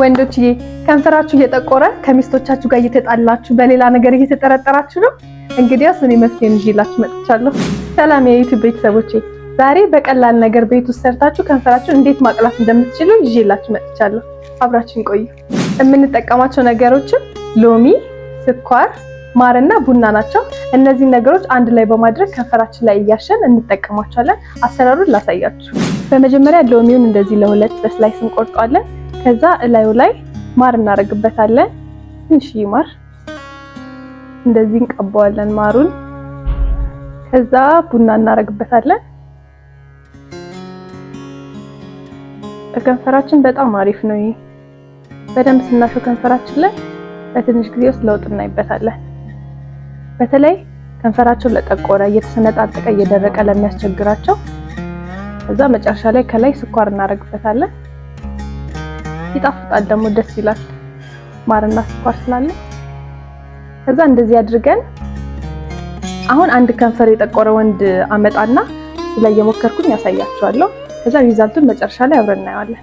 ወንዶችዬ ከንፈራችሁ እየጠቆረ ከሚስቶቻችሁ ጋር እየተጣላችሁ በሌላ ነገር እየተጠረጠራችሁ ነው? እንግዲያስ እኔ መፍትሄ ይዤላችሁ መጥቻለሁ። ሰላም የዩቲዩብ ቤተሰቦቼ፣ ዛሬ በቀላል ነገር ቤት ውስጥ ሰርታችሁ ከንፈራችሁን እንዴት ማቅላት እንደምትችሉ ይዤላችሁ መጥቻለሁ። አብራችን ቆዩ። የምንጠቀማቸው ነገሮችም ሎሚ፣ ስኳር፣ ማርና ቡና ናቸው። እነዚህ ነገሮች አንድ ላይ በማድረግ ከንፈራችን ላይ እያሸን እንጠቀማቸዋለን። አሰራሩን ላሳያችሁ። በመጀመሪያ ሎሚውን እንደዚህ ለሁለት በስላይስ እንቆርጠዋለን። ከዛ እላዩ ላይ ማር እናደርግበታለን። ትንሽዬ ማር እንደዚህ እንቀባዋለን ማሩን። ከዛ ቡና እናደርግበታለን። ከንፈራችን በጣም አሪፍ ነው ይሄ። በደንብ ስናሸው ከንፈራችን ላይ በትንሽ ጊዜ ውስጥ ለውጥ እናይበታለን። በተለይ ከንፈራቸው ለጠቆረ፣ እየተሰነጣጠቀ፣ እየደረቀ ለሚያስቸግራቸው ከዛ መጨረሻ ላይ ከላይ ስኳር እናደርግበታለን። ይጣፍጣል፣ ደግሞ ደስ ይላል። ማርና ስኳር ስላለ ከዛ እንደዚህ አድርገን አሁን አንድ ከንፈር የጠቆረ ወንድ አመጣና ላይ የሞከርኩኝ ያሳያችኋለሁ። ከዛ ሪዛልቱን መጨረሻ ላይ አብረን እናየዋለን።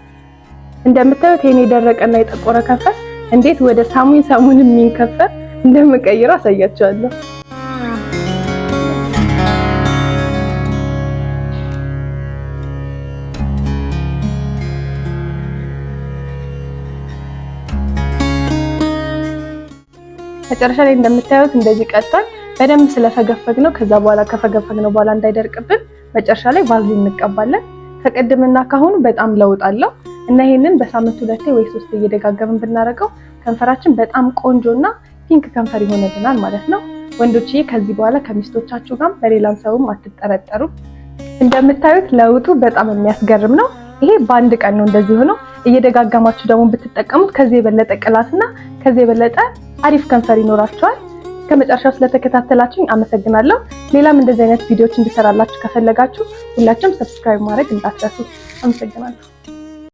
እንደምታዩት የኔ የደረቀና የጠቆረ ከንፈር እንዴት ወደ ሳሙን ሳሙን የሚንከፈር እንደምቀይረው አሳያችኋለሁ። መጨረሻ ላይ እንደምታዩት እንደዚህ ቀጥታል በደንብ ስለፈገፈግ ነው። ከዛ በኋላ ከፈገፈግ ነው በኋላ እንዳይደርቅብን መጨረሻ ላይ ቫዝሊን እንቀባለን። ከቅድምና ካሁኑ በጣም ለውጥ አለው እና ይሄንን በሳምንት ሁለቴ ወይ ሶስት እየደጋገምን ብናደርገው ከንፈራችን በጣም እና ፒንክ ከንፈር ይሆንልናል ማለት ነው። ወንዶችዬ ከዚህ በኋላ ከሚስቶቻችሁ ጋር በሌላም ሰውም አትጠረጠሩ። እንደምታዩት ለውጡ በጣም የሚያስገርም ነው። ይሄ በአንድ ቀን ነው እንደዚህ ሆነው እየደጋገማችሁ ደግሞ ብትጠቀሙት ከዚህ የበለጠ ቅላትና ከዚህ የበለጠ አሪፍ ከንፈር ይኖራችኋል። ከመጨረሻው ስለተከታተላችሁኝ አመሰግናለሁ። ሌላም እንደዚህ አይነት ቪዲዮዎች እንድሰራላችሁ ከፈለጋችሁ ሁላችሁም ሰብስክራይብ ማድረግ እንዳትረሱ። አመሰግናለሁ።